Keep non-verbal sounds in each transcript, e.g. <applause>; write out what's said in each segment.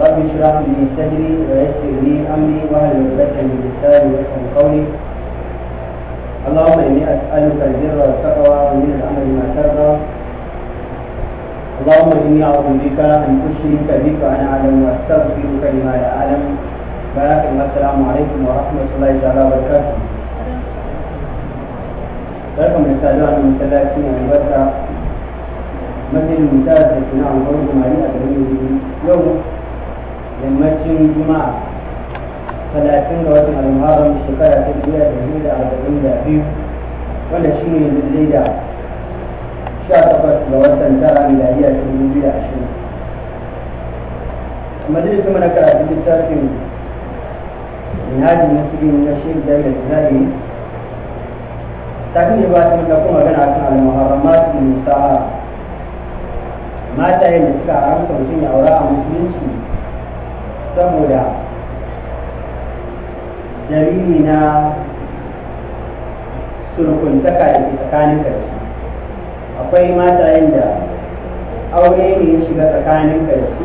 رب اشرح لي صدري ويسر لي امري واهل عقدة من لساني يفقهوا قولي اللهم اني اسالك البر والتقوى ومن الامر ما ترضى اللهم اني اعوذ بك ان اشرك بك وانا اعلم واستغفرك لما لا اعلم بارك السلام عليكم ورحمه الله تعالى وبركاته barkan da saduwa na masallaci mai albarka masjidin mutaz da kina an gwamnati mari a garin yammacin juma'a talatin ga watan al-muharram shekara ta biyar da biyu da arba'in da biyu wanda shi ne zillai da sha takwas ga watan tara miladiya ta dubu biyu da ashirin majalisar mana karatu littafin minhajin musulmi na shehu jami'ar ibrahim safin da ba ta muka kuma magana akan al-muharramatu musa'a mata yadda suka haramta mutum ya aura a musulunci saboda dalili na surkuntaka da ke tsakanin karshe akwai matayen da aure ne ya shiga tsakanin karshe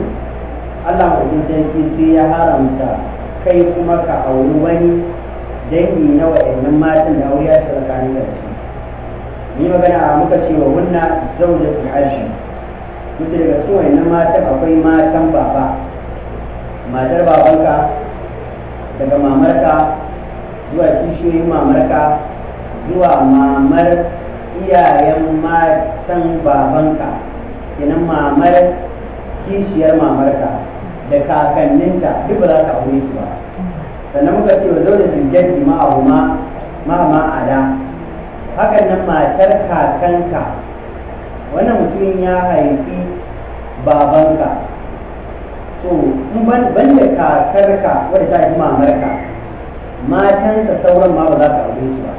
allah kudin sarki sai ya haramta kai kuma ka auri wani dangi na waɗannan matan da aure ya shiga tsakanin karshe ni magana muka ce wa munna zaujatul hajji mutu daga cikin na matan akwai matan baba matar babanka daga mamarka zuwa kishiyoyin mamarka zuwa mamar iyayen matan babanka kenan mamar kishiyar mamarka da kakanninta duk ba za ka aure su ba sannan muka ce wa zaune zinjaddi ma, ma'ama ada hakan nan matar kakanka wannan mutumin ya haifi babanka to in ban da karka wadda ta yi mamarka matansa sauran ma ba za ka aure su ba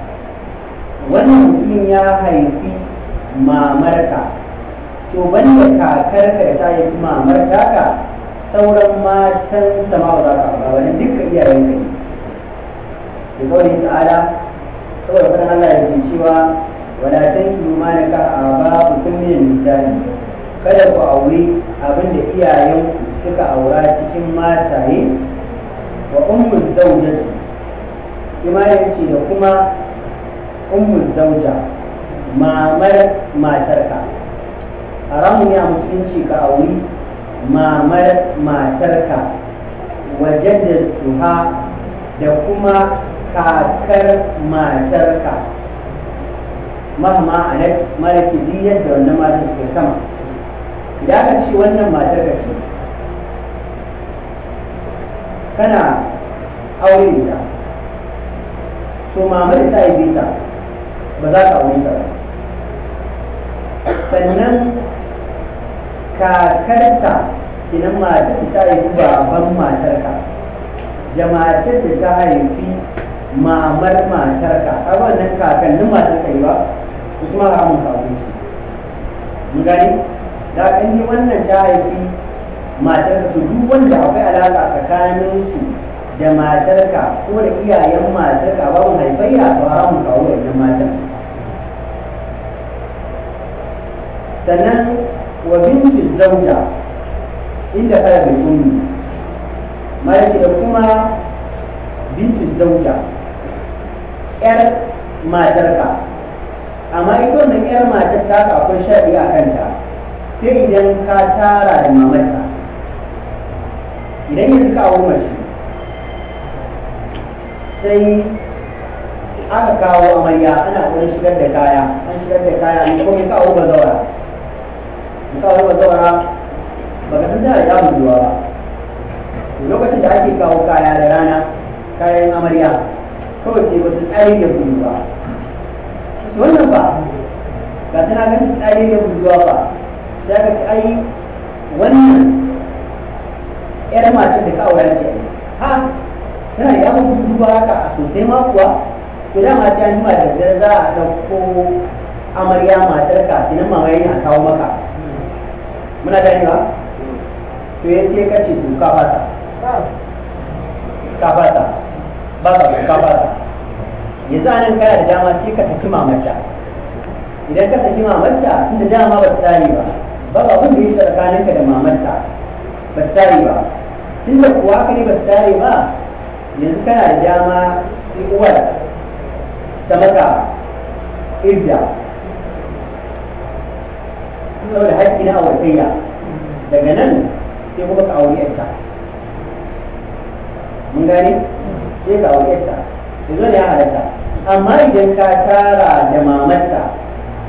wannan mutumin ya haifi mamarka to ban da kakarka da ta yi mamarka ka sauran matansa ma ba za ka aure ba ne dukkan iyayen ka ne da kawai ta'ala saboda kan Allah ya ke cewa wala tankilu a ba ku min misali kada ku auri abin da iyayenku suka aura cikin mataye wa ummu zaujati sima ce da kuma ummu zauja mamar matarka haramun ya musulunci ka auri mamar matarka wajen tuha da kuma kakar matarka mahama a ce duk yadda wannan matan suka sama Ya ka ce wannan matar ka ce kana aure ta so mamar ta yi ta ba za ka aure ta ba sannan kakarta idan matar ta yi haifi baban matarka da matar da ta haifi mamar matarka a wannan kakannin ka yi ba usman ramun kawai su gani da kan yi wannan ta haifi matarka to duk wanda akwai alaƙa tsakanin su da matarka ko da iyayen matarka babu haifayya to haramun kawo na matar sannan wa binti zauja inda kada bai kunu mai da kuma binti zauja yar matarka amma ita wannan yar matar ta akwai shaɗi a kanta sai idan ka tara da mamata idan yanzu ka awo mace sai aka kawo amarya ana kuma shigar da kaya an shigar da kaya ne ko ka awo kawo ka zaura ba ka san tana da zuwa ba lokacin da ake kawo kaya da rana kayan amarya kawai sai wata tsari da Su wannan ba ga tana ganin tsari da buduwa ba sai ka ci ai wannan yar matar da ka aura ce ha tana da abin duba haka a sosai ma kuwa to ma sai an jima da daddare za a ɗauko amarya matar ka kinan mama yana kawo maka muna ganewa to ya sai ka ce to ka fasa ka fasa ba ka so ka fasa yanzu a nan kaya da dama sai ka saki mamarta idan ka saki mamarta tun da dama ba ta tsari ba ba abin da ya tsakaninka da mamarta ba tsari ba tun da kuwa ka ne ba tsari ba yanzu kana da dama sai uwar ta maka kuma da haƙƙi na auratayya daga nan sai kuma ka auri yarta mun gane sai ka auri yarta yanzu ne ya halatta amma idan ka tara da mamarta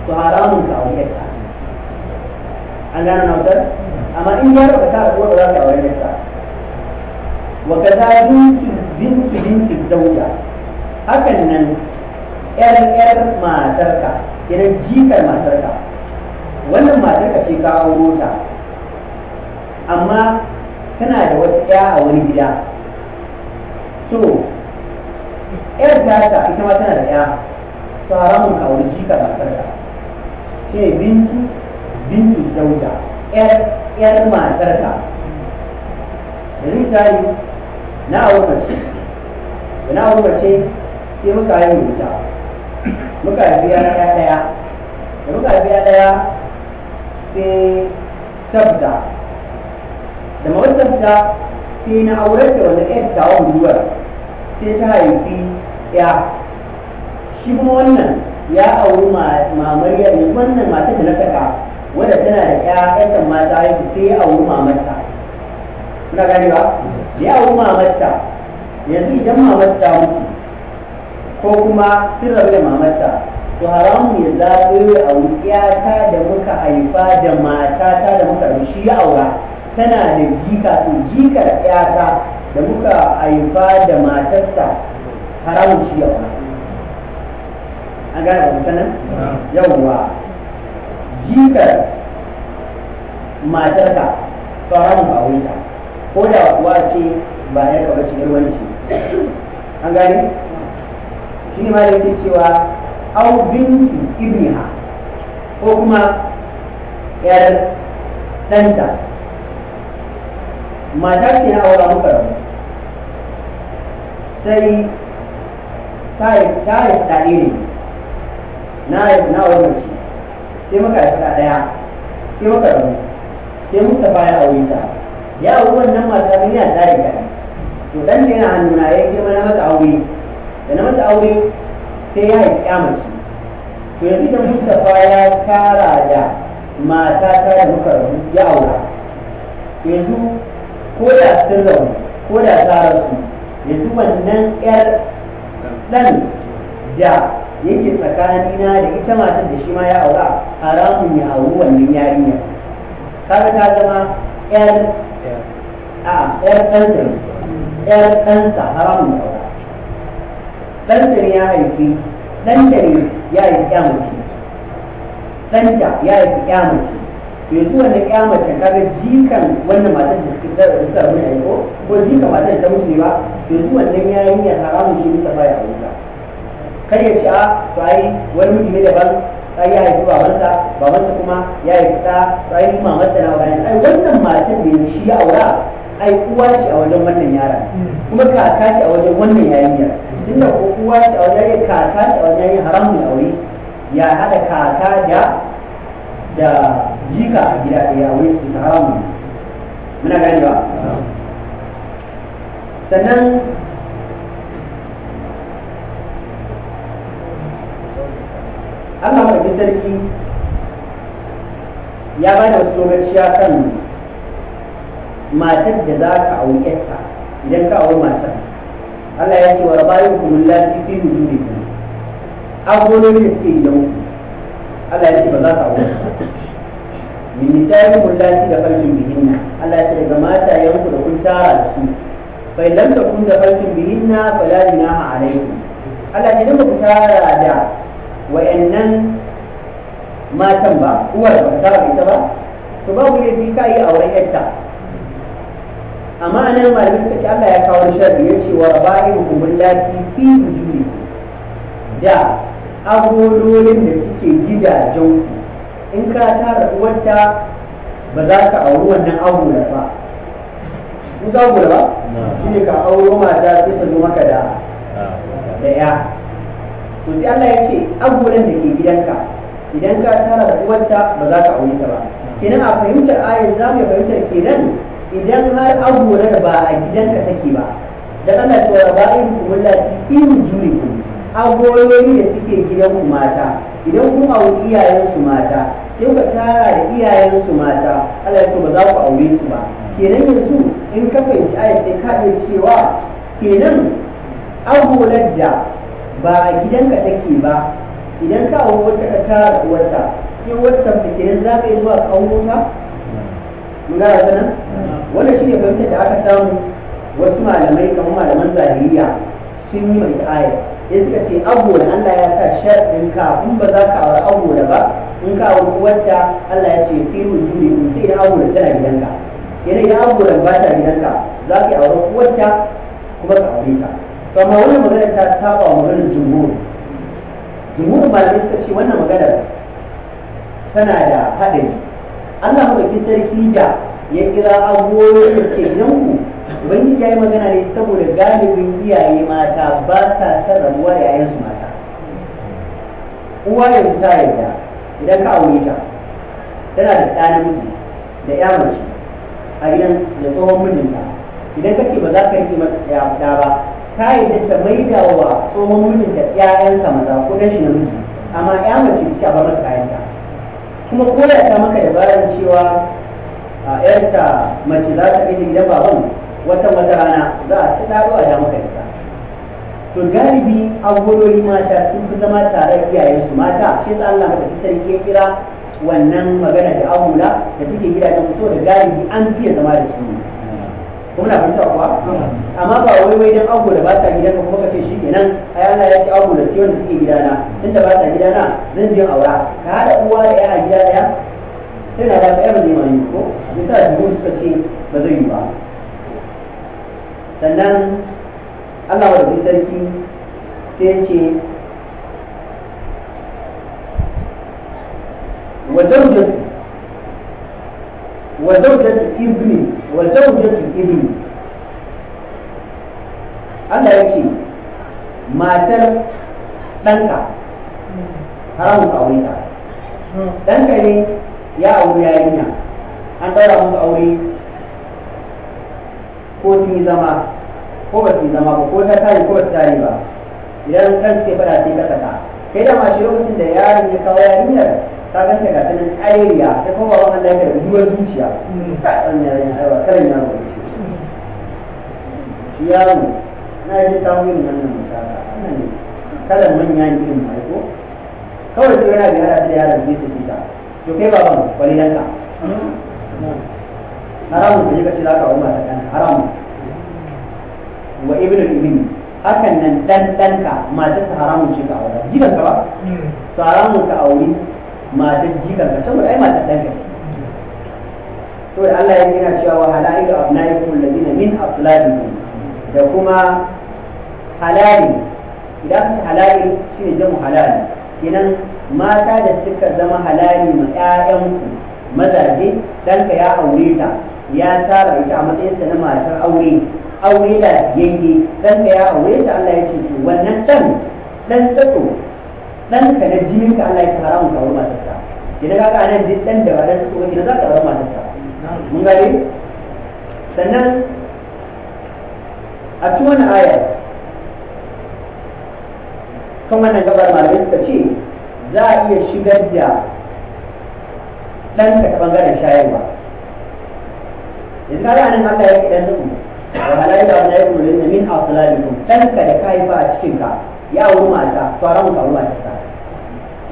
to haramun ka auri yarta an gane na wasan amma in ya raba ta ko za ka aure ta wa kaza bintu bintu binti zauja hakan nan yar yar matarka idan jikar matarka wannan matarka ce ka auro ta amma tana da wata ya a wani gida to yar tasa ita ma tana da ya to haramun ka aure jikar matarka shi ne bintu binti sauda yar matarka da misali na abubakar ce da na abubakar ce sai muka yi wuta muka haifi yara daya da muka haifi yara daya sai tabta da mawar tabta sai na aurar da wani ɗaya tawon duwar sai ta haifi ya shi kuma wannan ya auri mamariya ne wannan matar da na saka wanda tana da ƴaƴan mata haihu sai a auri mamarta kuna gane ba sai a auri mamarta yanzu idan mamarta mutu ko kuma sirar da mamarta to haramu ya zaɓe a ƴata da muka haifa da matata da muka shi ya aura tana da jika to jikar ƴata da muka haifa da matarsa haramun shi ya aura an gane ba sanan yawwa jikar matarka fara haramun a wuta ko da kuwa ce ba ya kaba ce wani ce an gani shi ne ma da cewa au bintu ibniha ko kuma yar ɗanta mata ce na aura muka rabu sai ta yi ta yi ta ne na aure mace sai muka haifi ɗaya sai muka rabu sai muka ya aure ta ya auri wannan mata mun yana tare da to dan ne na hannuna ya girma na masa aure da na masa aure sai ya haifi ya shi to yanzu da mustafa ya tara da mata ta da muka rabu ya aura yanzu ko da sun rabu ko da ta rasu yanzu wannan 'yar ɗan da yake tsakanina da ita matar da shi ma ya aura haramun ya hau wannan yarinya kaga ta zama yar a yar ɗansa yar haramun ya aura ɗansa ne ya haifi ɗanta ne ya haifi ƙyamace ɗanta ya haifi ƙyamace yanzu wannan ƙyamace kaga jikan wannan matar da suka da suka ko ko jikan matar ta mutu ne ba yanzu wannan yarinya haramun shi bisa baya wuta kar ya ce a to ai wani mutum ne daban ai ya haifi babansa babansa kuma ya haifi ta to ai masa na bayan ai wannan matan da yanzu shi aura ai uwa ce a wajen wannan yara kuma kaka ce a wajen wannan tun da ko uwa ce a wajen kaka ce a wajen haram ne aure ya haɗa kaka da da jika a gida ya aure su haram ne muna gani ba sannan Allah mai sarki ya ba da wasu gaskiya kan matar da za ka auri yarta idan ka auri matar Allah ya ce wa rabayukum lati fi wujudikum agonomi da suke gidan ku Allah ya ce ba za ka auri su min nisa'i lati da farjin bihinna Allah ya ce daga mata yanku da kun tara da su fa lam takun da farjin bihinna fala junaha alaykum Allah ya ce da ku tara da wayannan matan ba uwar ba ta ita ba to babu laifi ka yi auren yarta amma anan malamai suka ce Allah ya kawo sharri ya ce wa raba'ibukum lati fi wujuri da agololin da suke gidajen in ka tara uwarta ba za ka auri wannan agola ba in za agola ba ne ka auro mata sai ta zo maka da da to sai Allah ya ce agoran da ke gidanka idan ka tara da uwarta ba za ka aure ta ba kenan a fahimtar ayat za mu fahimtar kenan idan har agorar ba a gidanka take ba dan Allah ta wa ba'in in juri ku agoroyi da suke gidan ku mata idan kun iyayen su mata sai ku tara da iyayen su mata Allah ya ce ba za ku aure su ba kenan yanzu in ka fahimci ayat sai ka iya cewa kenan agolar da ba a gidanka take ba idan ka hau wata ka wata sai wata ta za ka yi zuwa kawota mun ga sanan wannan shine fahimtar da aka samu wasu malamai kamar malaman zahiriya sun yi mai ta'aya ya suka ce abuwa Allah ya sa sharɗin ka in ba za ka abu abuwa ba in ka aure uwarta Allah ya ce fi wujuri in sai ya abuwa tana gidanka yana idan abuwa ba ta gidanka za ka yi uwarta kuma ka aure ta to magana ta saba wa maganar jumhur jumhur malamai suka ce wannan maganar tana da haɗari Allah madaukin sarki da ya kira abubuwan da suke gidanku ubangiji ya yi magana ne saboda galibin iyaye mata ba sa son rabuwa da yayansu mata uwa yanzu ta yarda idan ka aure ta tana da ɗa namiji da ya a gidan da tsohon mijinta idan ka ce ba za ka yi masa ɗaya ba ta yi da ta maida wa tsohon mijinta ƴaƴansa maza ko dan na miji, amma ya mace ta ba maka kayanta kuma ko da ta maka dabarar cewa a ƴarta mace za ta kai gidan baban wata wata rana za a sai a da maka ita to galibi agololi mata sun fi zama tare iyayensu mata shi yasa Allah maka sarki ya kira wannan magana da ahula da take gidajen so da galibi an fiye zama da su ne. na fahimta kuwa amma ba wai wai dan ango da ba ta gidan kuma ka ce shi kenan ai Allah ya ce ango da siyon da take gidana inda ba ta gidana zan je aura ka hada uwa da 'ya'ya gida daya tana da ɗaya ne mai ko yasa jihun suka ce ba zai yi ba sannan Allah wa sarki sai ce wa zaujatu wa zaujati ibni wa zaujati ibni Allah yake matar ɗanka haramun ka aure ta ɗanka ne ya aure yarinya an ɗaura musu aure ko sun yi zama ko ba su yi zama ba ko ta tare ko ba ta tare ba idan kan suke fada sai ka saka kai da ma shi lokacin da yaron ya kawo yarinyar ka ganta ga tanin tsayayya ta kuma ba Allah ya rubuwar zuciya ta mm. san ya yi aiwa karin yaro shi yaro na ji samu yin nan misala wannan ne kalan manya ne irin mai kawai sai yana gina sai yaron sai su fita to kai baban wani danka haramun da za ka wa mata dan haramun wa ibnu ibn hakan nan dan danka matarsa haramun shi ka aure jiban ka ba mm. to haramun ka aure matar jikan ka saboda ai matar ɗanka ce saboda Allah ya yana cewa wa halaika abnaikum alladhina min aslabikum da kuma halali idan ka ce halali shine jamu halali kenan mata da suka zama halali ma ƴaƴanku mazaje danka ya aure ta ya tara ita a matsayinsa na matar aure aure da yanke ɗanka ya aure ta Allah ya ce wannan dan ɗan tsatso dan ka na jinin ka Allah ya ce haramun ka aure matarsa idan ka ga nan duk dan da ba dan sa ko za ka aure matarsa mun gane sannan a cikin wannan ayar kan wannan gabar malamai suka ce za a iya shigar da ɗanka ta ɓangaren shayarwa yanzu kaga nan Allah ya ce ɗan zuku wa halayi da wani ya yi min asalalikum ɗanka da ka haifa a cikinka ya auri mata to haramun ka auri matarsa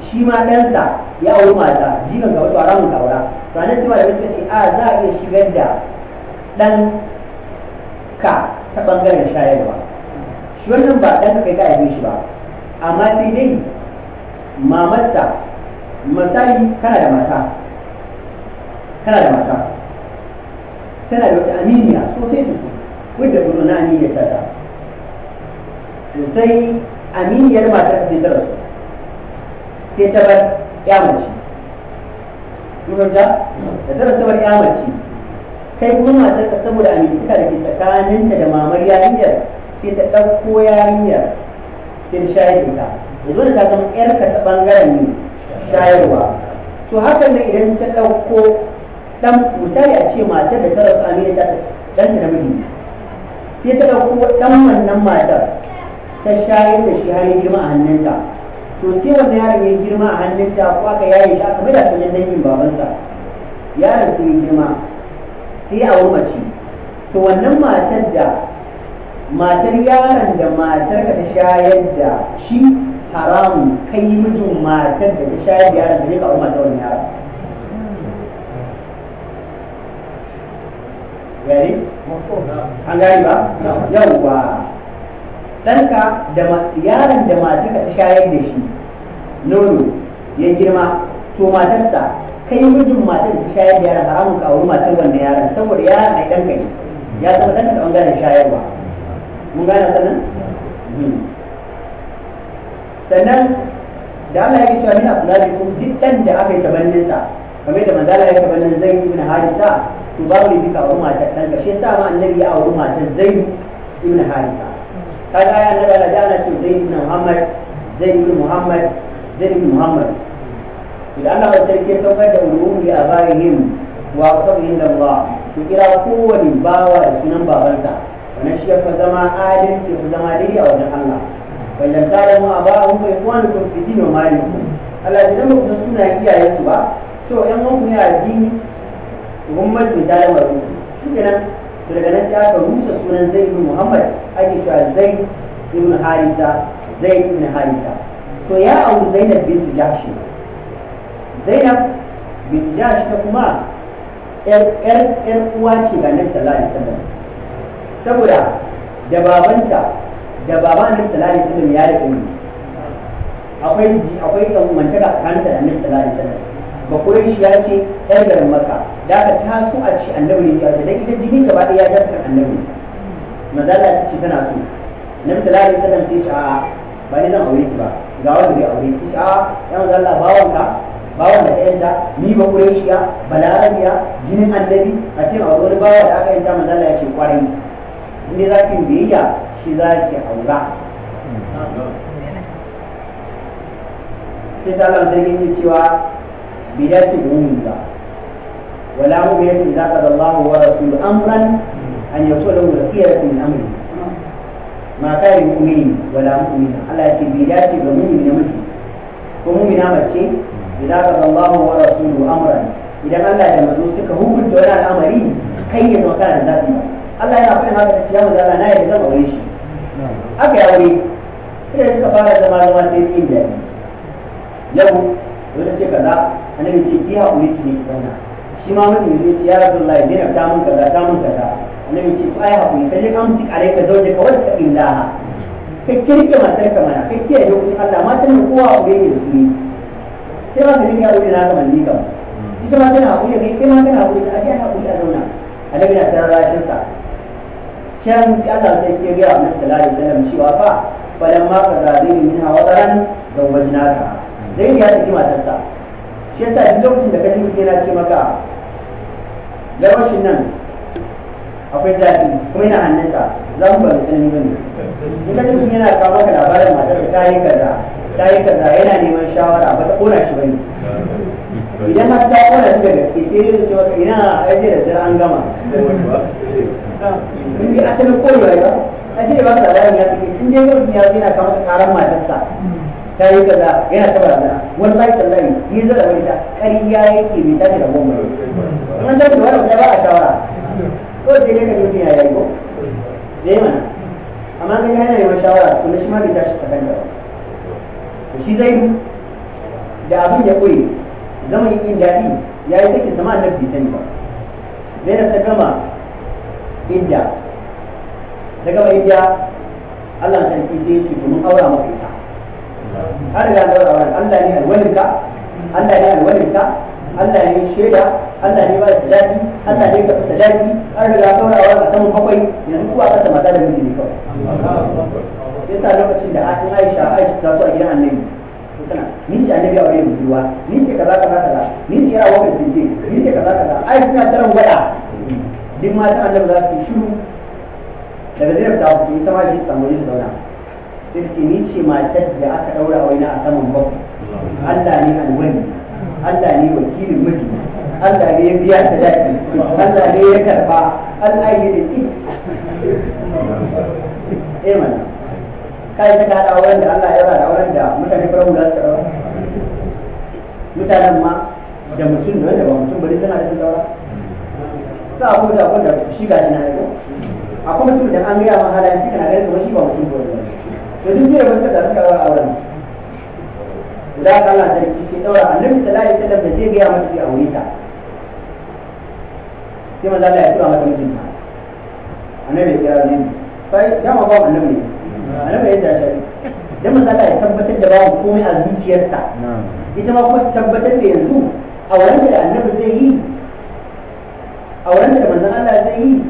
shi ma ɗansa ya auri mata jikan kawo to kawo ka aura su anan sai malamai suka ce a za a iya shigar da ɗan ka ta ɓangaren shayarwa shi wannan ba ɗan kai ka yi shi ba amma sai dai mamarsa misali kana da mata kana da mata tana da wata aminiya sosai sosai wadda gudu na aminiya ta ta sosai. aminiyar matar sai ta rasu sai ta bar yamaci mace da ta rasu bar yamaci mace kai kuma matar ka saboda amintaka da ke tsakaninta da mamar yarinyar sai ta ɗauko yarinyar sai ta shayar da ta yanzu da ta zama yarka ta ɓangaren ne shayarwa to hakan ne idan ta ɗauko ɗan misali a ce matar da ta rasu aminiyar ta ɗanta da miji sai ta ɗauko ɗan wannan matar ta shayar da shi har ya girma a hannunta to sai wannan yaron ya girma a hannunta ko aka yaye shi aka da shi dangin babansa yaron sai yi girma sai ya auri mace to wannan matar da matar yaron da matar ka ta shayar da shi haramun kai mijin matar da ta shayar da yaron da ne ka auri matar wannan yaron gani? an gani ba? ɗanka da yaron da matarka ta shayar da shi nono ya girma to matarsa kai mijin matar da ta shayar da yaron haramun ka auri matar wanda yaron saboda yaron ai ɗanka ne ya zama ɗanka da ɓangaren shayarwa mun gane sannan hmm. sannan da Allah yake cewa mina aslabikum duk ɗan da aka yi sa kamar da manzala ya tabannin zai ibn harisa to babu ne bika auri matar ɗanka shi yasa ma annabi ya auri matar zai ibn harisa kaga ya annaba da ana ce zai ibn muhammad zai ibn muhammad zai ibn muhammad idan Allah bai ke saukar da ulumi a bayin wa sabihin da Allah ku kira kowane bawa da sunan babansa wannan shi ya fa zama adalci ku zama daidai a wajen Allah mu a wallan ta'lamu aba'ahum wa ikwanukum fi dinin malikum Allah ya dama kusa suna iyayensu ba so yan uwan ku ne addini ummatu ta'lamu shi kenan to daga nan sai aka rusa sunan zai ibn muhammad ake cewa zai ibn harisa zai ibn harisa to ya auri zainab bintu jashi zainab bintu jashi ta kuma yar uwa ce ga annabi sallallahu alaihi wasallam saboda da babanta da baba annabi sallallahu alaihi wasallam ya rike ni akwai akwai yan mantaka tsakanin da annabi sallallahu alaihi wasallam bakwai ce yar garin maka da aka taso a ce annabi ne ziyarta dan ita jini gaba ɗaya ya ja annabi mazala ta ce tana so na sallallahu alaihi wasallam sai ce a ba ni zan aure ki ba ga wanda bai aure ki a ya mazala bawon ka bawon da ta yanta ni ba kureshiya balarabiya jinin annabi a ce a wani bawa da aka yanta mazala ya ce kwarai inda za ki biyayya shi za ki aura hmm. sai sallallahu alaihi wasallam sai ya cewa بذات العموم ولا مبينة إذا قضى الله ورسوله أمرا أن يكون له بقية من أمره ما كان مؤمن ولا مؤمنة الله يسير بذات العموم من مثل ومؤمنة متشي إذا قضى الله ورسوله أمرا إذا قال الله لما زوجتك هو كنت ولا الأمر كيف مكان ذات الله yana faɗin haka da ciyawa zala na yadda zama wani shi aka yi aure sai suka fara zama zama sai yin daɗi yau wani ce kaza annabi ce ki haƙuri ki ne zauna shi ma mutum zai ce ya rasulullah zainab ta mun kaza ta mun kaza annabi ce ta ai haƙuri kaje yi amsi zawjaka ka taqillaha ka kirke ka mana ka kiyaye dokokin Allah matan nan kowa haƙuri ne su ne kai ma ka dinga haƙuri na ka manni ka hmm. ita ma tana haƙuri kai kai ma kana haƙuri ta aje haƙuri a zauna annabi na tarar rashin sa shan sai Allah sai ke ga annabi sallallahu alaihi wasallam cewa fa falamma kaza zaini na ka zai zaini ya tafi matarsa shi yasa duk lokacin da ka ji sai na ce maka lokacin nan akwai zafi kuma yana hannunsa za mu ba mu sani bane in ka ji yana kawo maka labarin matarsa ta yi kaza ta yi kaza yana neman shawara ba ta kona shi bane idan ma ta kona shi da gaske sai ya ce maka ina aje da jira an gama in dai asalin koyewa ba ai sai ba ka labarin ya sake in dai mutum ya zo yana kawo maka karan matarsa ta yi kaza yana ta barana wallahi tallahi ni zara mai ta kariya yake mai tashi da goma ne an tashi da wannan sai ba a shawara ko sai dai ka mutum ya yi ba? dai mana amma ga yana yi shawara kuma shi ma bai tashi sakan da ba. shi zai da abin ya koyi zama yi kin daɗi ya yi saki sama annabi sani ba zainab ta gama idda ta gama idda Allah sarki sai ya ce to mun aura maka ita an riga daura auren Allah ne alwalinka Allah ne alwalinka Allah ne shaida Allah ne ba da sadaki Allah ne ka sadaki an riga daura auren a saman bakwai yanzu kuwa kasa mata da miji ne kawai yasa lokacin da Aisha Aisha ta so a gidan annabi kana ni ce annabi aure mu biwa ni ce kaza kaza kaza ni ce yawa wa siddiq ni ce kaza kaza ai suna taran gwada duk matan annabi za su yi shiru daga zai ta ta ma shi samu yin zauna yace ni ce matar da aka daura waina a saman bakwai Allah ne alwani Allah ne wakilin miji Allah ne ya biya sadaki Allah ne ya karba Allah ya da ci <laughs> eh mana kai ka da auren da Allah ya da auren da mutane fara mu za su mutanen ma da mutum da wanda ba mutum bari suna da sun daura sa abu da da shi shi na yau akwai mutum da an gaya ma halayen suka na ganin kuma shi ba mutum ba Yanzu duk zai wasu da suka wara auren da aka Allah sarki sai daura annabi sallallahu alaihi Sallam da zai gaya mata sai aure ta sai maza da ya tura mata a annabi ya kira zai bai dama ba a annabi ne a annabi ya tashi dan maza Allah ya tabbatar da babu komai a zuciyarsa ita ma kuma ta tabbatar da yanzu a auren da annabi zai yi auren da manzon Allah zai yi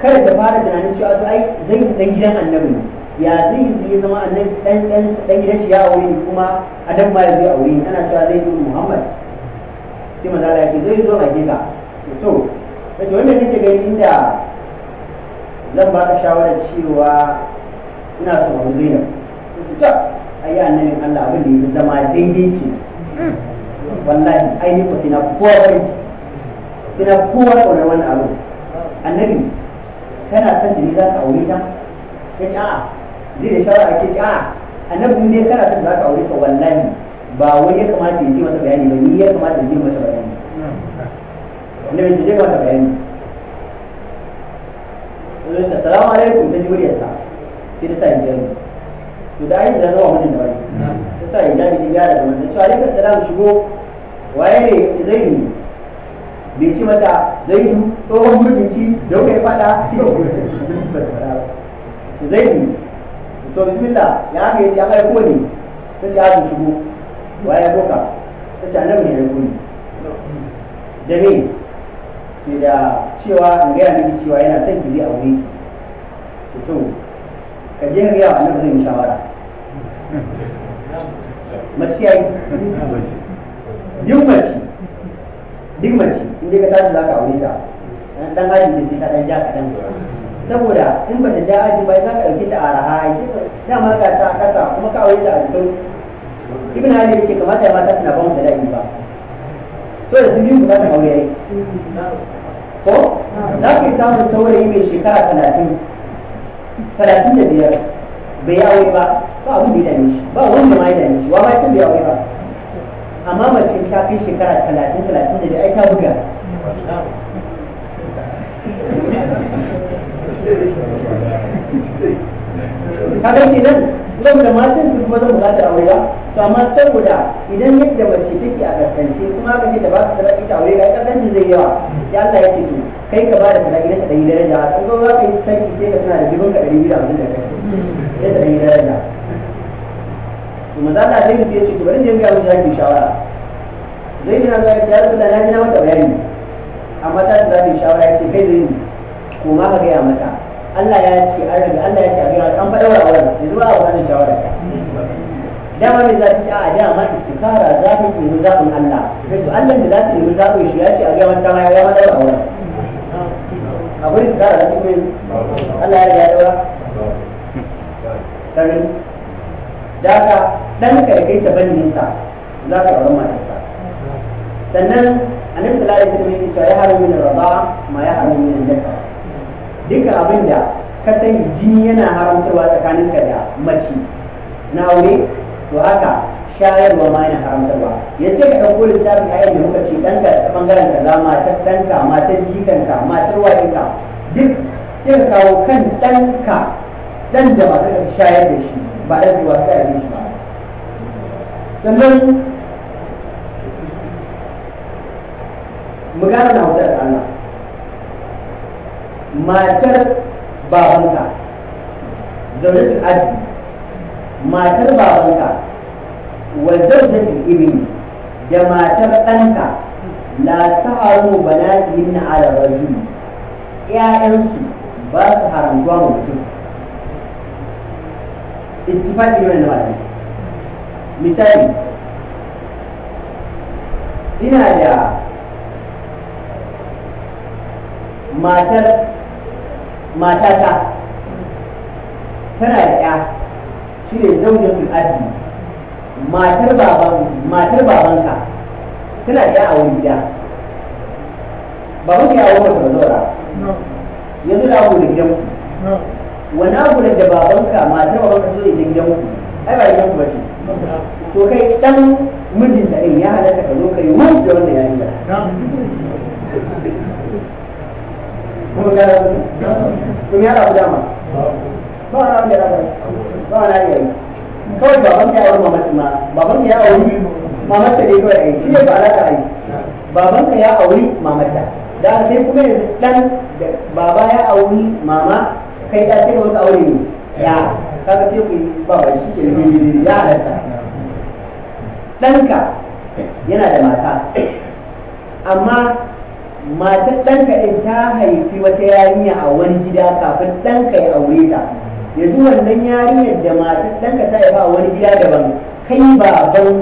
kada ta fara tunanin cewa ai zai dan gidan annabi ne ya zai zai zama annan dan dan dan gidan shi ya aure ni kuma adam ba zai aure ni ana cewa zai bin muhammad sai manzo Allah ya ce zai zo na gida to kace wannan nake gani inda zan ba ka shawarar cewa ina son abu zainab to ai annabin Allah abin da ya zama daidai ke wallahi ai ni ko sai na kowa bari sai na kowa kaunar wannan abu annabi kana son ta ne za ka aure ta ya ce a'a zai da shawara ake ce a annabi ne kana son za ka aure ka wallahi ba wani ya kamata ya ji mata bayani ba ni ya kamata ya ji mata bayani annabi ce je mata bayani wani sa salamu alaikum ta ji muryarsa sai ta sa jami to da ayi zan zama mutum da bai ta sa jami ta gara da wani ta ce alaikum salam shigo waye ne su ce zai ne bai ci mata yi tsohon mijinki da kuka yi zai zaidu so bismillah ya ga yace an aiko ne ta ce azu shigo wa ya boka ta ce annabi ne ya aiko ne da me sai da cewa in gaya miki cewa yana son ki zai aure ki to ka je ga yawa wa annabi zan yi shawara masiyai dimmaci dimmaci duk in dai ka tashi za ka aure ta dan aji ne sai ka dan ja kaɗan saboda in ba ta ja aji ba za ka ɗauki ta a raha ai sai dama ka ta ƙasa kuma ka aure ta a sau ibn ali ya ce kamata ya mata suna ba mu sadaki ba so da sun biyu ba ta aure yayi ko za ka yi samun saurayi mai shekara talatin talatin da biyar bai yi aure ba ba abin da ya dame shi ba wanda ma ya dame shi wa ma san bai aure ba amma mace ta kai shekara talatin talatin da biyar ai ta buga kaga idan zan da matan su kuma zan buƙatar aure ba to amma saboda idan yadda mace take a kasance kuma aka ce ta ba ta sadaki ta aure ga kasance zai yawa sai Allah ya ce to kai ka ba da sadaki dan ta dai daraja dan ga za ka yi sadaki sai ka tana da bibin ka 250 da kai sai ta dai daraja to maza Allah sai ya ce to bari je ga mu jaki shawara zai na ga ya ce ya na ji na mata bayani amma ta za ta yi shawara ya ce kai zai yi ko ma ka gaya mata Allah ya ce an rage. Allah ya ce a gaya an faɗa wa auren yanzu ba a wannan shawara ta dama ne za ta ce a da dama istikara za ta nemi zaɓin Allah yanzu Allah da za ta nemi zaɓin shi ya ce a gaya mata ma ya faɗa wa auren akwai istikara za ta yi Allah ya riga ya ɗaura karin da haka ɗanka da kai ta ban nisa za ka ɗaura matarsa sannan annabi sallallahu alaihi wasallam yake cewa ya haramu min rada ma ya haramu min nasa duka abin da ka sani jini yana haramtarwa tsakaninka da mace na aure to haka shayarwa ma yana haramtarwa Ya sai ka ɗauko lissafin a yadda muka ce ɗanka ta ɓangaren kaza matar ɗanka matar jikanka matar wajenka duk sai ka kawo kan ɗanka ɗan da ba ka shayar da shi ba ɗan da wata da shi ba sannan mu gane na da Allah matar babanka zaujatul abdi matar babanka wa zaujatul ibni da matar ɗanka la ta haru banatihin na ala rajuli ƴaƴansu ba su haramtuwa ma mutum ittifaqi ne wannan ne. misali ina da matar matata tana da ya shi ne zaunin abdi matar baban matar babanka tana da ya a wani gida babanka ya auri mata mazaura yanzu da abu da gidanku wani abu da babanka matar babanka zo ita gidanku ai ba gidanku ba ce to kai dan mijinta din ya halatta ka zo ka yi wani da wannan yarinya <laughs> kuma gara ku kun yara ku dama ba wani abu yara ba wani abu yara kawai baban ka yawon mamata ma baban ya auri mamata ne kawai ba alaka ai baban ka ya auri mamata da kuma yanzu dan baba ya auri mama kai ta sai ka wata ne ya kaga sai ku yi ba shi ke ne ya halatta ɗanka yana da mata amma matar ɗanka ɗin ta haifi wata yarinya a wani gida kafin ɗanka ya aure ta yanzu wannan yarinyar da matar ɗanka ta haifa a wani gida daban kai ba ban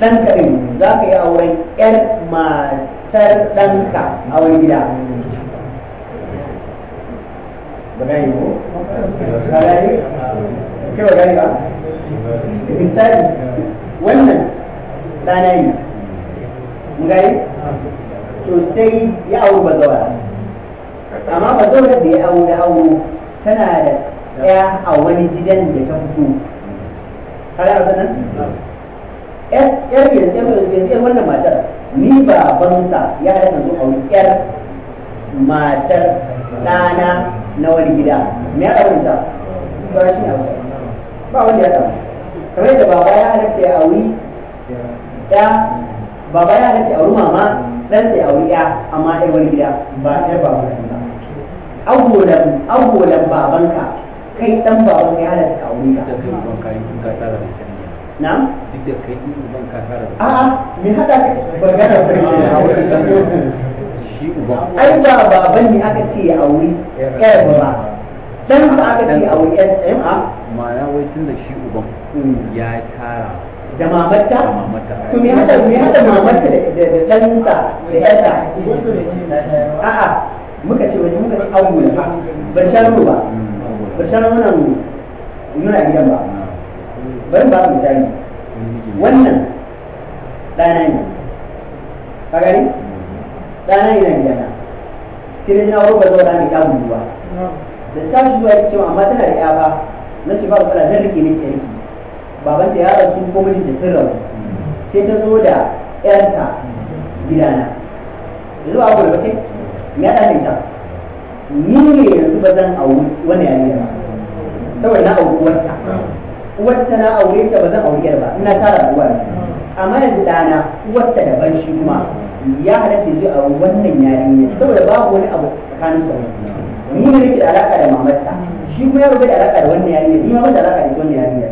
ɗanka ɗin za ka yi auren 'yar matar ɗanka a wani gida wannan ɗana mu gani? to sai ya auri zaura amma ba zaura da ya auri auro tana da ɗaya a wani gidan da ta fito kada a sanan yar yanzu yar wannan matar ni babansa ya halatta zo auri yar matar ɗana na wani gida me ya ta ba shi ne ba wanda ya ɗaurinta kamar yadda baba ya halatta ya auri ya baba ya halatta ya auri mama dan sai auri ya amma ai wani gida ba ai ba ba agolan agolan babanka kai dan baban ya da ka aure ta kai ban kai in ka tara da tarbiyya na duk da kai in ban ka tara da a'a me hada ka bagana ah, sarki ya aure san <laughs> shi uba ai ba baban ne aka ce ya aure yar ba dan sa aka ce aure eh, sma ma'ana wai tun da shi uban mm. ya tara da mamata to me hada me hada mamata da dansa da a a muka ce wani muka ce awul ba ban sha ba ban sha wannan nuna gidan ba bari ba misali wannan dana ne ka gani ne yana gidana sai na jina wurin dana ka buwa da ta zuwa ya ce amma tana da yaba ba na ce ba ku tana zan rike miki yanki baban ta ya rasu ko mijin da sun rabu sai ta zo da yanta gidana yanzu abu gobe ce ya dace ta ni ne yanzu ba zan auri wani yarinya ba saboda na auri wata. Wata na aure ta ba zan auri yar ba ina tara ne amma yanzu dana da ban shi kuma ya halatta zuwa auri wannan yarinya saboda babu wani abu tsakanin su ni ne nake da alaka da mamarta shi kuma ya rubuta alaka da wannan yarinya ni ma ban da alaka da wannan yarinya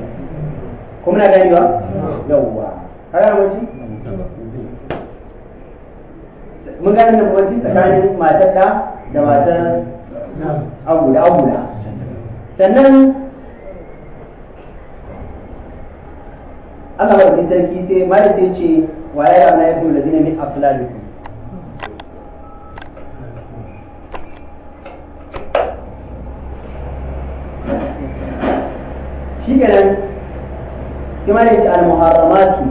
ko muna gani ba hmm. yawwa kaga mace mun gani da mace tsakanin matar ta da matar agula agula sannan Allah maɗauki sarki sai mali sai ce waye ya yana ya fi ladina min aslamikum shi ke nan. sai ma yace al muharramatu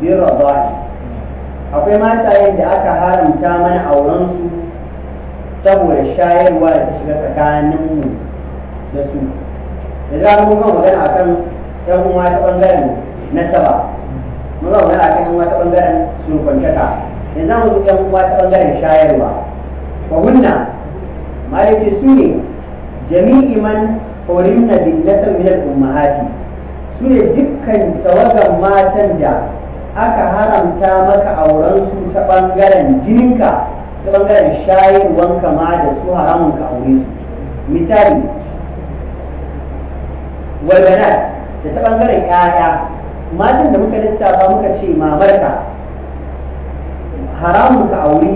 bi rada'i akwai matayen da aka haramta mana auren su saboda shayarwa da ta shiga tsakaninmu da su da za mu kan magana akan yan uwa ta bangaren nasaba mun ga magana akan yan uwa ta bangaren surkwantaka da za mu yan uwa ta ɓangaren shayarwa wa hunna malai ce su ne jami'i man horimna bin nasar min al ummahati su ne dukkan tawagan matan da aka haramta maka aurensu ta ɓangaren jininka ta ɓangaren shayarwanka ma da su haramun ka aure su misali walbanat da ta ɓangaren 'ya'ya matan da muka lissafa muka ce mamarka haramun ka auri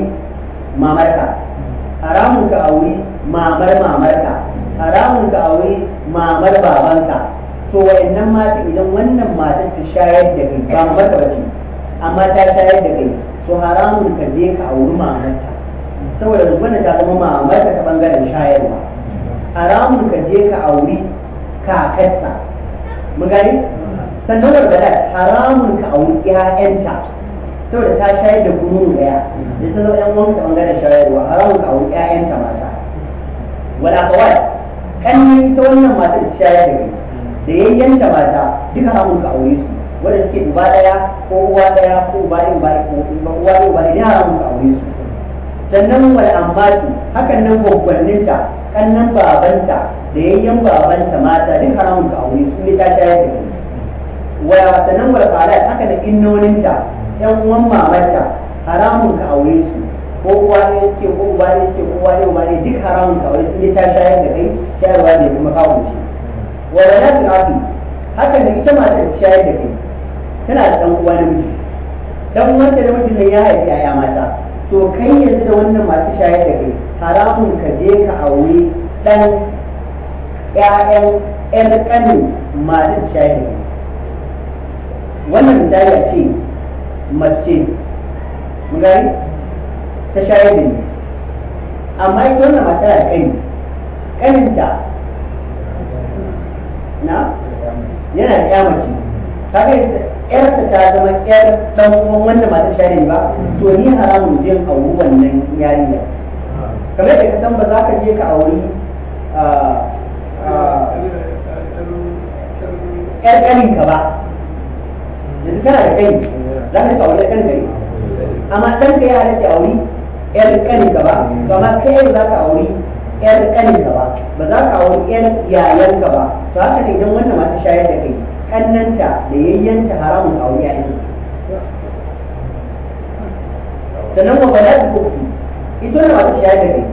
mamarka haramun ka aure mamar mamarka haramun ka auri mamar babanka to wayannan matan idan wannan matan ta shayar da kai ba mata ba ce amma ta shayar da kai to haramun ka je ka auri mamarta saboda wannan ta zama mamarta ta bangaren shayarwa haramun ka je ka auri kakarta mun gani sannan walbalat haramun ka auri ƴaƴanta saboda ta shayar da kunu daya da sun zama ƴan ta bangaren shayarwa haramun ka auri ƴaƴanta mata wala kawai kan ita wannan matar ta shayar da kai da yayyanta mata duka haramun ka aure su wanda suke uba daya ko uwa daya ko uba ɗaya uba ko uwa ɗaya uba ɗaya haramun ka aure su sannan wal ambatu hakan nan gwaggwanninta kannan babanta da yayyan babanta mata duka haramun ka aure su ne ta shayar da kai wa sannan wal qalat haka da innoninta yan uwan mamarta haramun ka aure su ko uwa ne suke ko uba ne suke ko uwa ne uba ne duk haramun ka aure su ne ta shayar da kai shayarwa ne kuma kawunci wa banatul akhi haka ne ita mata da shayar da kai tana da dan uwa namiji dan wanda namiji ne ya haifi yaya mata to kai ya da wannan masu shayar da kai haramun ka je ka aure dan ƴaƴan ƴan kanin masu shayar da kai wannan misali a ce mace mun ta shayar da ni amma ita wannan mata da kai kaninta na yana da kyamaci kaga yarsa ta zama yar dan uwan wanda ba ta share ba to ni haramun jin auri wannan yarinya kamar da ka san ba za ka je ka auri yar ah, ah, ƙarin ka ba yanzu kana da kai za ka ka auri ƙarin kai amma ɗan ka yi halatta auri yar ƙarin ka ba ma amma kai za ka auri yan kanin ba ba za ka auri yar yayan ka ba to haka ne idan wannan ta shayar da kai kannanta da yayyanta haramun auri yayan su sannan wa balat ukti ita wannan ta shayar da kai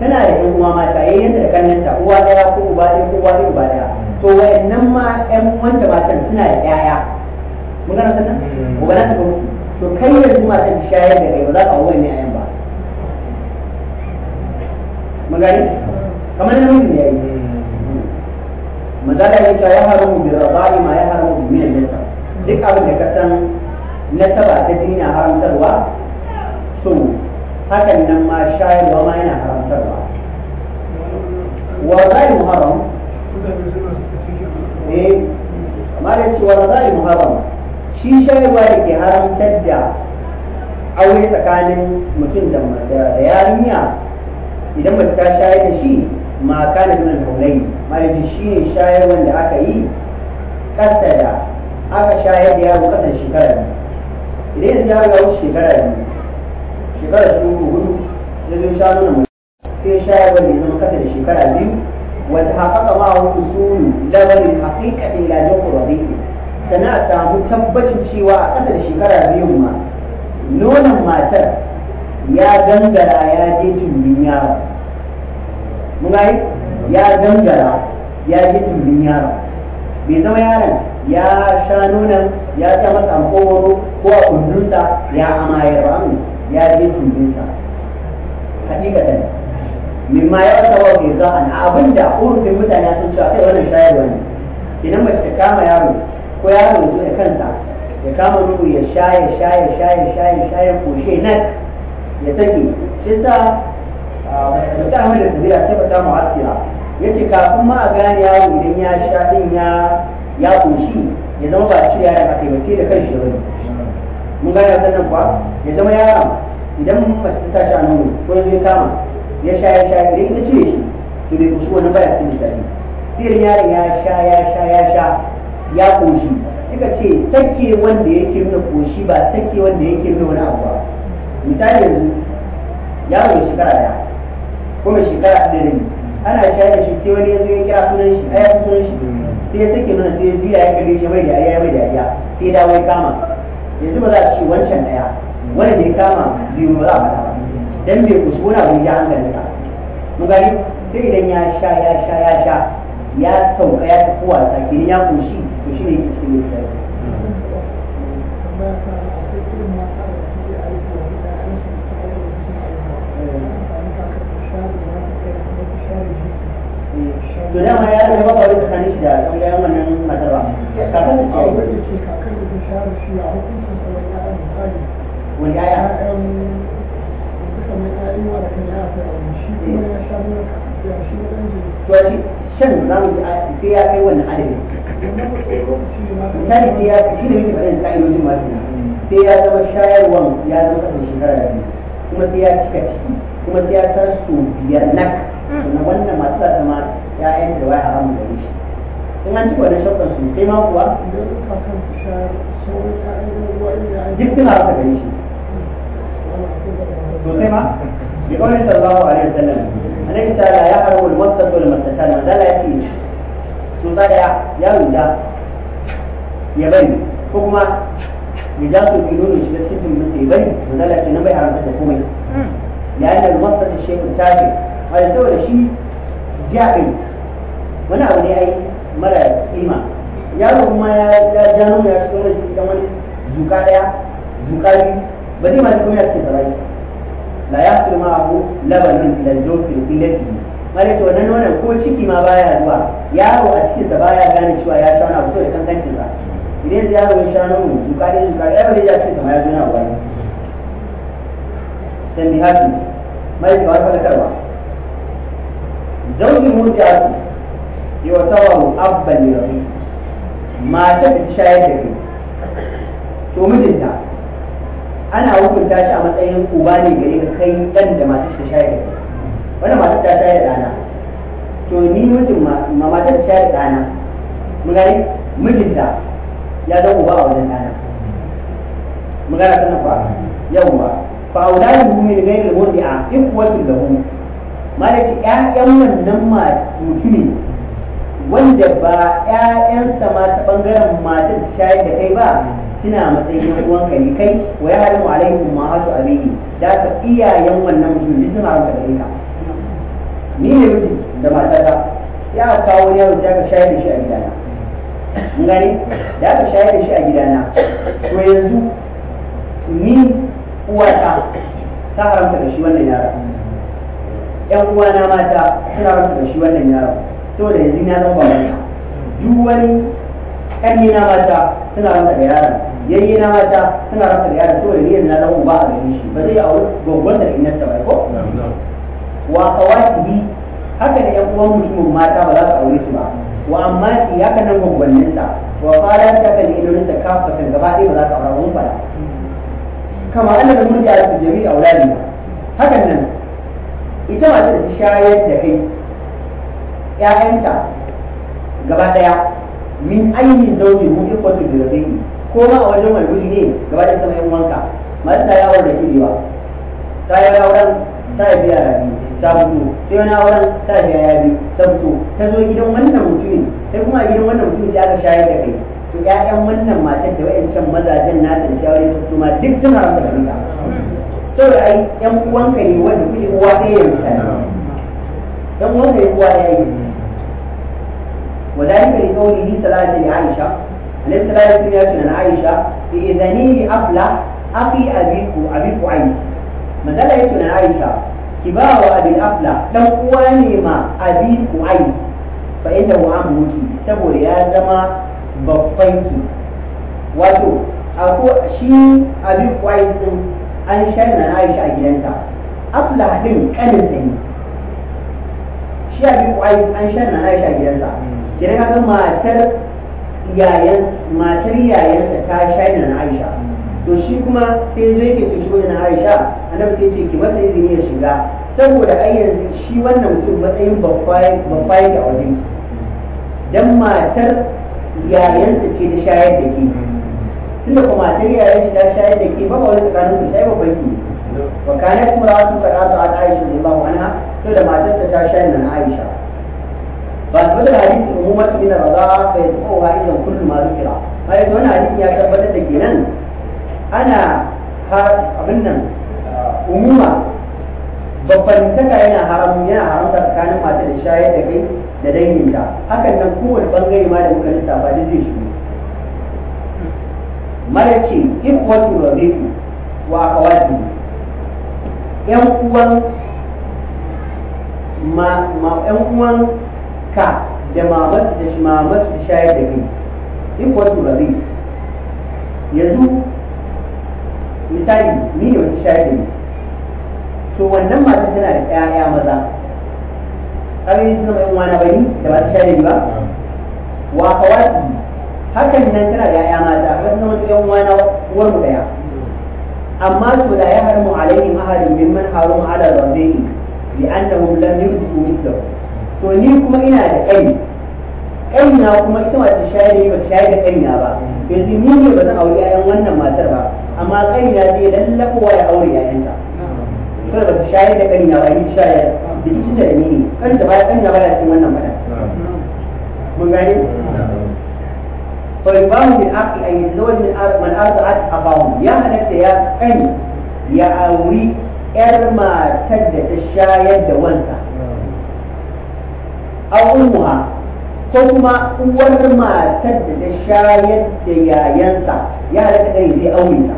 tana da yan uwa mata yayyanta da kannanta uwa daya ko uba daya ko uwa daya uba daya to wayannan ma yan uwanta matan suna da yaya mun gana sannan mm. wa balat ukti to kai yanzu matan shayar da kai ba za ka auri wannan yayan magani kamar namiji ya yi. mazala ya ce ya haramu bi rabai ma ya haramu bi min nasab duk abin da ka san nasaba ta jinya haramtarwa so hakan nan ma shayarwa ma yana haramtarwa wa zai muharram eh kamar ya ce wa zai muharram shi shayarwa da ke haramtar da aure tsakanin mutum da yarinya idan ba su ta shayar da shi ma kana min ma hawlayn shi ne shayar wanda aka yi kasa da aka shayar da yaro kasan shekara biyu idan yanzu ya ya wuce shekara ne shekara su uku hudu ya zo sha nuna sai shayar wanda ya zama kasa da shekara biyu wata haƙaƙa ma usulu labarin haƙiƙa ila jokorabi sana a samu tabbacin cewa a ƙasa da shekara biyun ma nonon matar ya gangara ya je tumbin yaro muna yi ya gangara ya je tumbin yaro bai zama yaron ya sha nuna ya sa masa makogoro ko a kundinsa ya amayar ba ya je tumbinsa hakikatan mimma ya wasa wa bai za na abin da urufin mutane sun cewa kai wannan shayarwa ne idan mace ta kama yaro ko yaro ya zo da kansa ya kama nuhu ya sha ya sha ya sha ya koshe nan ya saki shi sa mutum ahmad da tabiya sai fata mu'assira ya ce kafin ma a gane yaro idan ya sha din ya ya kunshi ya zama ba cire da aka yi ba sai da kan shi bane mun gane sannan kuwa ya zama yara idan mace ta sa shi a nono ko ya kama ya sha ya sha idan ita cire shi to bai kunshi wani baya sun lissafi sai yaron ya sha ya sha ya sha ya kunshi suka ce sake wanda yake nuna koshi ba sake wanda yake nuna wani abu ba misali yanzu yaro mai shekara daya ko mai shekara ɗaya ne ana shayar shi sai wani yanzu ya kira sunan shi ɗaya sunan shi sai ya sake nuna sai ya juya ya kalle shi mai dariya ya mai dariya sai da wai kama yanzu ba za a ce wancan ɗaya da ya kama biyu ba za a faɗa ba dan bai kusa wani abu ya hankalinsa mun gani sai idan ya sha ya sha ya sha ya sauka ya tafi wasa kini ya kushi to shi ne yake cikin lissafi to ya zama ba tsakanin shi da ɓangaren wannan matar ba kakar su ce a wani ke kakar da shahara a hukuncin sa wani ya'ya misali wani ya'ya da kan ya'ya kai abu shi kuma ya sai ya kai wannan adadin sai ya shi ne sai ya zama shayarwan ya zama kasan shekara da biyu kuma sai ya cika ciki kuma sai ya san su biyar nak na wannan masu sa zama ya'yan da wai haramun da shi in an ci gwanin shakkan sosai ma kuwa duk suna haka da shi sosai ma bi kawai sallallahu alaihi wasallam annabi ta la ya haramu al almasatan mazala ya ce tsotsa daya ya ruda ya bari ko kuma ya ja su biyu ne shiga cikin tumbin sai bari mazala ya ce nan bai haramta da komai لأن المصة الشيء التابع a saboda shi jaɗin wani abu ne ai mara kima yaro kuma ya jano ya cikin wani cikin wani zuka ɗaya zuka biyu ba zai ma ji kuma ya cikin sarai la ya su ma abu labanin filan jofin ilati mara ce wannan nonon ko ciki ma baya zuwa yaro a cikinsa baya gane cewa ya sha abu saboda kankancinsa idan yaro ya sha nono zuka ɗaya zuka ɗaya ba zai ya cikin sama ya zo yana wani tambihatu mai tsawar falakarwa zaujin murja'atu yawtawa abban yarabi mata da shayar da kai to mijinta ana hukunta shi a matsayin uba ne gare ka kai dan da matar ta shayar da kai wannan matar ta shayar da ɗana to ni mijin ma matar ta shayar da ɗana mun mijinta ya zama uba a wajen ɗana mun gane sannan fa yawwa fa aulahi hu min ghayri murdi'a in kuwatin lahu malaci ƴaƴan wannan mutumi wanda ba ƴaƴansa ma ta ɓangaren matar ta shayar da kai ba suna matsayin yan uwanka ne kai wa ya halamu alaikum ma hasu alayhi da ka iyayen wannan mutumin duk suna haramta gare ka ni ne miji da matata sai aka kawo wani yaro sai aka shayar da shi a gidana in gani da aka shayar da shi a gidana to yanzu ni uwata ta haramta da shi wannan yara yan uwana mata suna rufe da shi wannan yaron saboda yanzu na zan babansa duk wani ƙarni na mata suna rufe da yaron yi na mata suna rufe da yaron saboda yanzu na zama ba a gani shi ba zai auri gwaggonsa da sa ba ko wa bi haka da yan uwan mutumin mata ba za ka aure su ba wa amma ti haka nan sa wa fara ta kan sa kafatan gaba ɗaya ba za ka aure mun fara kama annabi mun da su jami'a aulani hakan nan ita ba ta shayar da kai ‘ya'yanta gaba ɗaya min ainihin zaune mu kwatu da rabai ko ma a wajen wani guri ne gaba da sama yan wanka mata ta yawon da ba ta yi auren ta yi biya rabi ta mutu sai wani auren ta biya yabi ta mutu ta zo gidan wannan mutumin sai kuma a gidan wannan mutumin sai aka shayar da kai to ƴaƴan wannan matar da wayancan mazajen nata da shawarar ta duk suna rasa da saboda ai yan uwanka ne wanda kuke uwa ɗaya yanzu tare yan uwanka ne uwa ɗaya yanzu wadani kare kawai yi salati da aisha anan salati sun yace na aisha e idani bi afla aqi abiku abiku ais mazala yace na aisha kibawa abi afla dan uwa ne ma abiku ais fa inda wa saboda ya zama babban wato a ko shi abiku ais din an sharna na aisha a gidanta abla din kanin ne shi a bi kwais an sharna na aisha a gidansa gidan hmm. kaga matar matar yayansa ta sharna na aisha hmm. to shi kuma sai zo yake so shigo da na aisha annabi sai ce ki masa izini ya shiga saboda ai yanzu shi wannan mutum matsayin babba yake a wajen dan matar yayansa ce ta shayar da ke hmm. tunda ko matar yayin ta shayar da ke ba wani tsakanin ku shayar babban ki wa kana kuma su fara ta Aisha radiyallahu anha saboda matarsa ta shayar da Aisha ba ta da hadisi umumat min rada fa ba idan kullu ma zikra ai wannan hadisi ya tabbatar da kenan ana abin nan umuma babbantaka yana haram yana haramta tsakanin matar da shayar da kai da danginta hakan nan kowane bangare ma da muka lissafa duk zai shigo mara ce ikwatu rabiku wa akawati yan uwan ma yan uwan ka da mamasu da mamasu da shayar da kai ikwatu rabi yanzu misali ni ne wasu shayar da ni to wannan matan tana da 'ya'ya maza kare ni suna mai uwana bani da ba su shayar da ni ba wa akawati hakan nan tana da yaya mata wasu na da wana uwar mu daya amma to da ya harmu alaihi ahadin mimman harum ala rabbihi li annahum lam yurdu mislahu to ni kuma ina da kai kai na kuma ita ma ta shayar ni ba shayar da kai na ba yanzu ni ne ba zan aure yayan wannan matar ba amma kai na zai wa ya aure yayanta sai ba ta shayar da kai ba ni shayar da kishin da ni ne kan da ba kan da ba ya cikin wannan fada mun gani فيباهم للأخ أي ya من من أرضعت أباهم يا أنت يا كني يا أوري إرما تد الشايد دوانسا أو أمها كما ورما تد الشايد يا ينسا يا أنت كني دي أوريها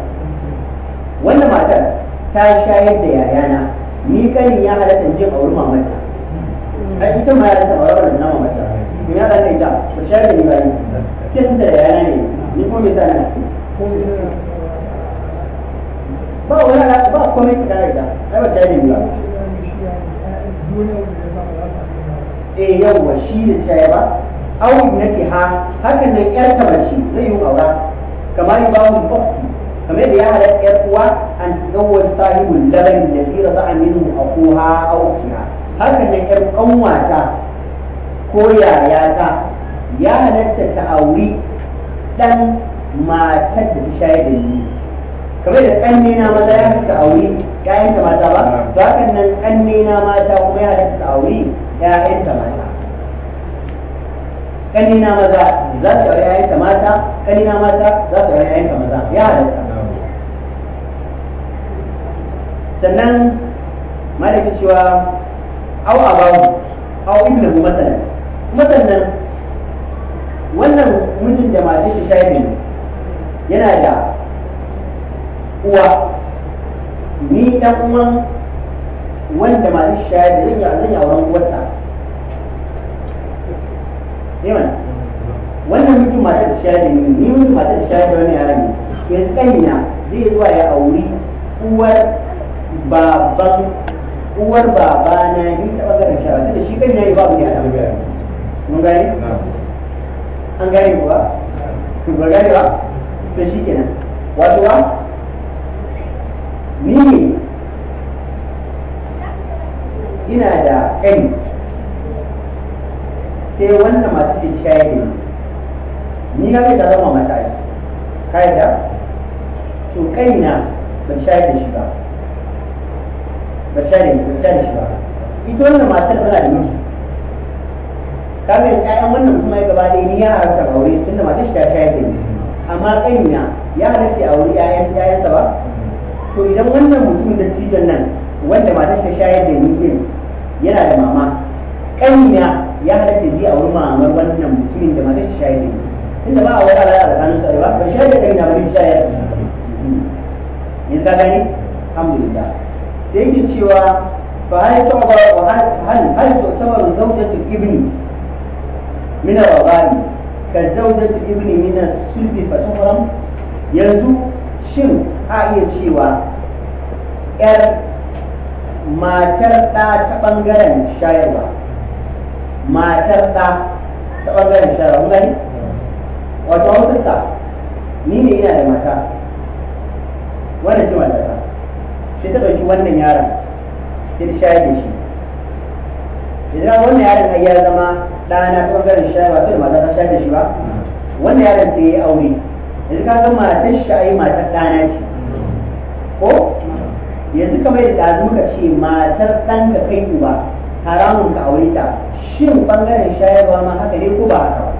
wannan matar ta shayar da yayana ni kanin ya halatta jin auri mamata ai ita ma ya halatta auri wannan mamata ya halatta ita ta shayar da ni bayan ke sun da yana ne ni kuma sa na ciki ba wani ala ba komai ta kare ta ai ba ta eh yawwa shi da ta yi ba au ibnati ha hakan nan yar kamace zai yi aura kamar ibahun ukhti kamar yadda ya halatta yar uwa an tazawwaj sahibul laban da zira za'a minhu akuha yar kanwata ko yayata ya halatta ta auri ɗan matar da ta shayar da ni kamar da ƙanne na maza ya halatta auri ƴaƴanta mata ba to hakan nan ƙanne na mata kuma ya halatta auri ƴaƴanta mata ƙanne na maza za su auri ƴaƴanta mata ƙanne na mata za su auri ƴaƴanta maza ya halatta sannan malaki cewa au abahu au ibnu masalan masalan wannan mijin da matar shi ta yi yana da uwa ni dan uwan wanda masu shi ta zan yi zan yi auren uwarsa yawan wannan mijin matar da shayar da ni ni masu matar da shayar da wani yara ne yanzu kanina zai zuwa ya auri uwar baban uwar babana ni ta bangaren shayar da shi kan yayi babu ne a mun gani an gane ba ba gane ba to shi kenan wato wa ni ne, ina da kai. sai wannan masu sai shayar da ni ni na kai ta zama mata ai ka yadda to ƙaina ban shayar da shi ba ban shayar da shi ba ita wannan matar tana da miji kaga yanzu ƴaƴan wannan mutum ya gaba ɗaya ni ya haramta aure tunda matan ta shayar da ni amma ƙanina ya halarci aure wuri ‘ya'yansa ba to idan wannan mutumin da nan wanda matar ta shayar da ni din yana da mama ƙanina ya halarci ji a wurin wannan mutumin da matar shayar da ni inda ba a wani alaƙa tsakanin su ba ba shayar da ƙanina ba shayar yanzu ka sai yake cewa fa hal hal ibni min al-ghani ka zawjatu ibni min as-sulbi fa tuhram yanzu shin a iya cewa yar matar ɗa ta ɓangaren shayarwa matar ɗa ta ɓangaren shayarwa kun gani wasu sa ni ina da mata wannan ce mallaka sai ta wannan yaron sai shi wannan yaron ya zama ɗana ta ɓangaren shayarwa sai da mata ta shayar da shi ba Wanda yaron sai ya yi aure yanzu ka ga matar shayi matar ɗana ce ko yanzu kamar da ɗazu muka ce matar ɗan ka kai uba haramun ka aure ta shin ɓangaren shayarwa ma haka ne ko ba haka ba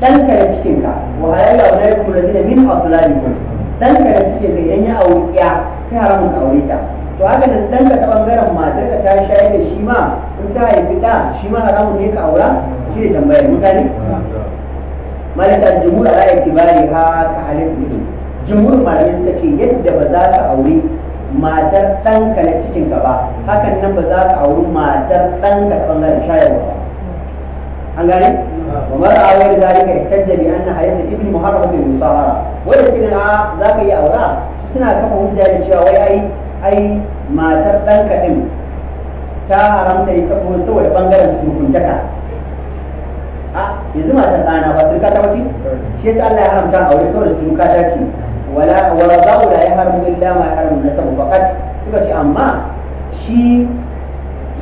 Ɗan ka da cikinka wa halalla wa nayi kula da min ɗan ka da cikinka idan ya aure ya kai haramun ka aure ta to haka nan ɗanka ta ɓangaren matar ka ta shayar da shi ma ita ya fita shi ma haramun ne ka aura shi ne tambayar mutane malaka jumhur ala itibari ha ka halin ido jumhur malamai suka ce yadda ba za ka aure matar ɗanka na cikin ka ba hakan nan ba za ka auri matar ɗanka ta bangaren shayarwa ba an gane wa mara awai da zalika ihtajja bi anna hayata ibni muharramatin musahara wanda suke a ah, za ka yi aura suna kafa hujja da cewa wai ai ai matar ɗanka ɗin ta haramta ita ko saboda bangaren sukuntaka a yanzu matan ɗana ba surka ta wuce shi yasa Allah ya haramta aure saboda surka ta ce wala wala ba'u la ya haramu illa ma ya na sabu fakat suka ce amma shi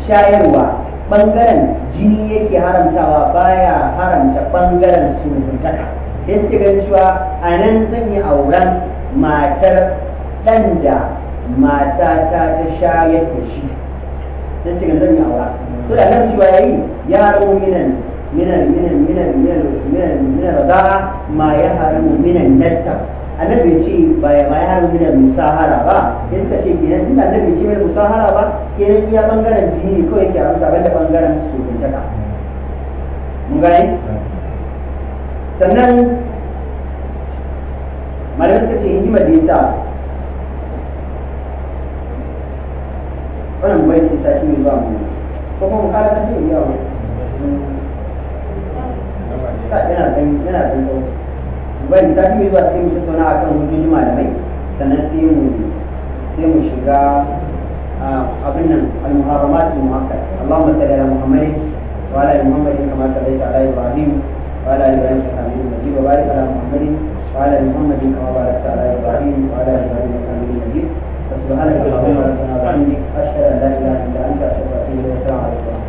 shayarwa bangaren jini yake haramtawa baya haramta bangaren suruntaka ya suke ganin cewa a nan zan yi auren matar ɗan da matata ta shayar da shi na ce zan yi aura so da nan cewa yayi ya rabu minan minan minan minan minan minan minan raza'a ma ya haramu minan nasab annabi ce ba ya ba ya haramu minan musahara ba ya suka ce kenan tunda annabi ce mai musahara ba kenan iya bangaren jini ne kawai yake haramta ban da bangaren sukuntaka mun gani sannan malamai suka ce hikimar da ya sa wannan bai sai sa shi ne zuwa mu ko kuma ka sa ne zuwa ka yana dan yana dan sau bai sa ne zuwa sai mu tattauna akan hujjoji malamai sannan sai mu sai mu shiga abin nan al-muharramatul muhaqqat Allahumma salli ala Muhammadin wa ala Muhammadin kama sallaita ala Ibrahim وعلى ال ابراهيم انك حميد مجيد وبارك ala محمد وعلى ال محمد كما باركت على ala وعلى ال ابراهيم انك حميد فسبحانك اللهم وبحمدك اشهد ان لا اله الا انت استغفرك واتوب اليك